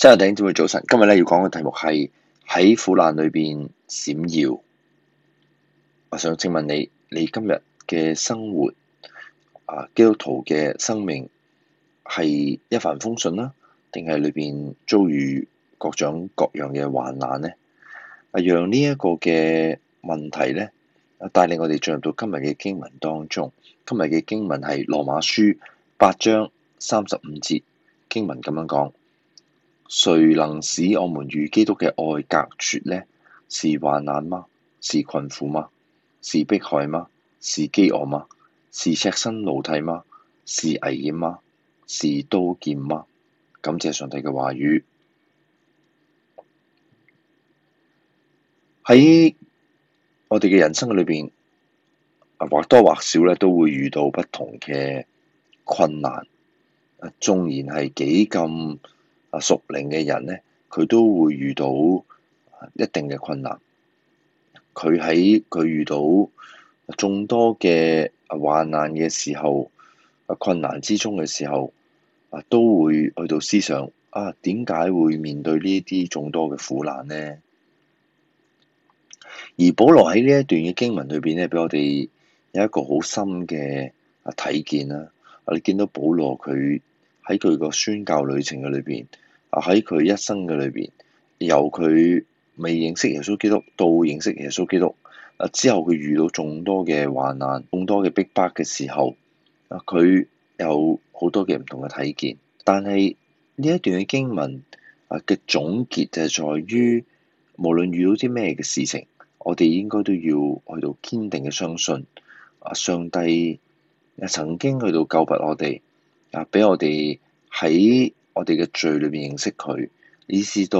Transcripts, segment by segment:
真係頂住，早晨。今日咧要講嘅題目係喺苦難裏邊閃耀。我想請問你，你今日嘅生活啊，基督徒嘅生命係一帆風順啦，啊，定係裏邊遭遇各種各樣嘅患難呢？啊，讓呢一個嘅問題咧，帶領我哋進入到今日嘅經文當中。今日嘅經文係羅馬書八章三十五節，經文咁樣講。誰能使我們與基督嘅愛隔絕呢？是患難嗎？是困苦嗎？是迫害嗎？是飢餓嗎？是赤身露體嗎？是危險嗎？是刀劍嗎？感謝上帝嘅話語。喺我哋嘅人生裏邊或多或少咧，都會遇到不同嘅困難。啊，縱然係幾咁。啊，屬靈嘅人咧，佢都會遇到一定嘅困難。佢喺佢遇到眾多嘅患難嘅時候，啊，困難之中嘅時候，啊都會去到思想啊，點解會面對呢啲眾多嘅苦難咧？而保羅喺呢一段嘅經文裏邊咧，俾我哋有一個好深嘅啊睇見啦。啊，你見到保羅佢，喺佢個宣教旅程嘅裏邊，啊喺佢一生嘅裏邊，由佢未認識耶穌基督到認識耶穌基督，啊之後佢遇到眾多嘅患難、眾多嘅逼迫嘅時候，啊佢有好多嘅唔同嘅體驗，但係呢一段嘅經文啊嘅總結就係在於，無論遇到啲咩嘅事情，我哋應該都要去到堅定嘅相信，啊上帝啊曾經去到救拔我哋。啊！俾我哋喺我哋嘅罪裏面認識佢，以至到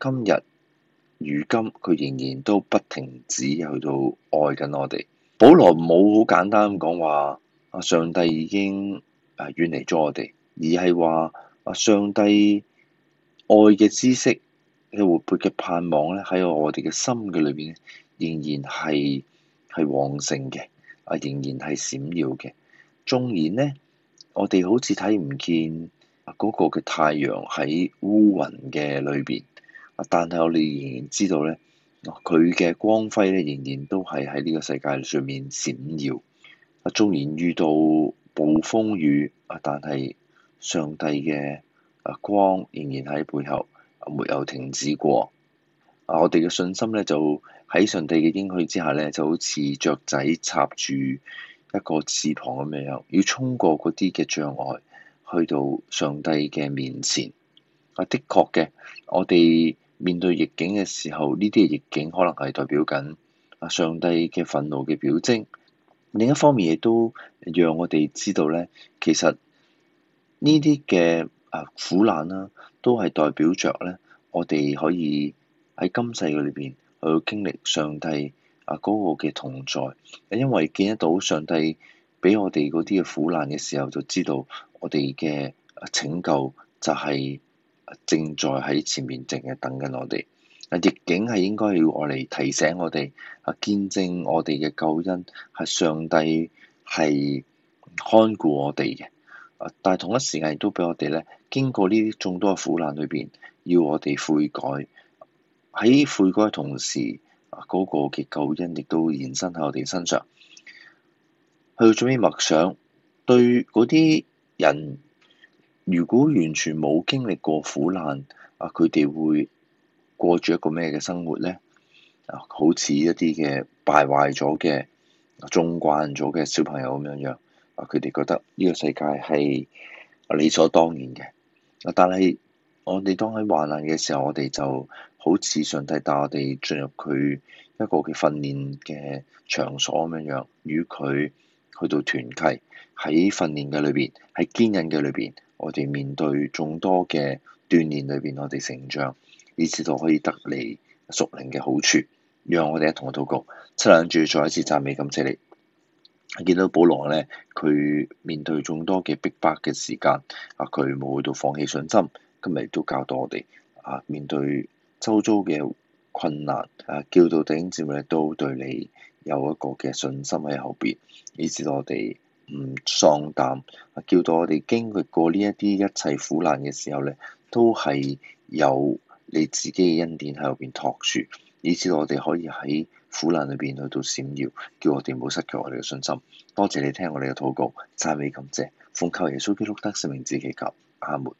今日如今，佢仍然都不停止去到愛緊我哋。保羅冇好簡單咁講話啊！上帝已經啊遠離咗我哋，而係話啊上帝愛嘅知識嘅活潑嘅盼望咧，喺我哋嘅心嘅裏邊，仍然係係旺盛嘅啊，仍然係閃耀嘅。縱然咧，我哋好似睇唔見嗰個嘅太陽喺烏雲嘅裏邊，啊！但係我哋仍然知道咧，佢嘅光輝咧仍然都係喺呢個世界上面閃耀。啊，縱然遇到暴風雨，啊，但係上帝嘅啊光仍然喺背後，沒有停止過。啊，我哋嘅信心咧就喺上帝嘅應許之下咧，就好似雀仔插住，一個翅膀咁樣樣，要衝過嗰啲嘅障礙，去到上帝嘅面前。啊，的確嘅，我哋面對逆境嘅時候，呢啲嘅逆境可能係代表緊啊上帝嘅憤怒嘅表徵。另一方面，亦都讓我哋知道咧，其實呢啲嘅啊苦難啦、啊，都係代表着咧，我哋可以喺今世嘅裏邊去經歷上帝。啊，嗰個嘅同在，因為見得到上帝俾我哋嗰啲嘅苦難嘅時候，就知道我哋嘅拯救就係正在喺前面靜嘅等緊我哋。啊，逆境係應該要我嚟提醒我哋，啊，見證我哋嘅救恩係上帝係看顧我哋嘅。啊，但係同一時間亦都俾我哋咧，經過呢啲眾多嘅苦難裏邊，要我哋悔改。喺悔改嘅同時，嗰個嘅救恩亦都延伸喺我哋身上，去到最尾默想，對嗰啲人，如果完全冇經歷過苦難，啊，佢哋會過住一個咩嘅生活咧？啊，好似一啲嘅敗壞咗嘅、縱慣咗嘅小朋友咁樣樣，啊，佢哋覺得呢個世界係理所當然嘅，啊但係我哋當喺患難嘅時候，我哋就～好似上帝帶我哋進入佢一個嘅訓練嘅場所咁樣樣，與佢去到團契喺訓練嘅裏邊，喺堅忍嘅裏邊，我哋面對眾多嘅鍛鍊裏邊，我哋成長，以至到可以得嚟屬靈嘅好處。讓我哋一同我禱告，七兩住再一次讚美感謝你。見到保羅咧，佢面對眾多嘅逼迫嘅時間，啊，佢冇去到放棄信心，今日都教導我哋啊，面對。周遭嘅困難啊，叫到頂尖咧，都對你有一個嘅信心喺後邊，以至我哋唔喪膽啊，叫到我哋經歷過呢一啲一切苦難嘅時候咧，都係有你自己嘅恩典喺後邊托住，以至我哋可以喺苦難裏邊去到閃耀，叫我哋唔好失去我哋嘅信心。多謝你聽我哋嘅禱告，讚美感謝，奉求耶穌基督得勝名字祈求，阿門。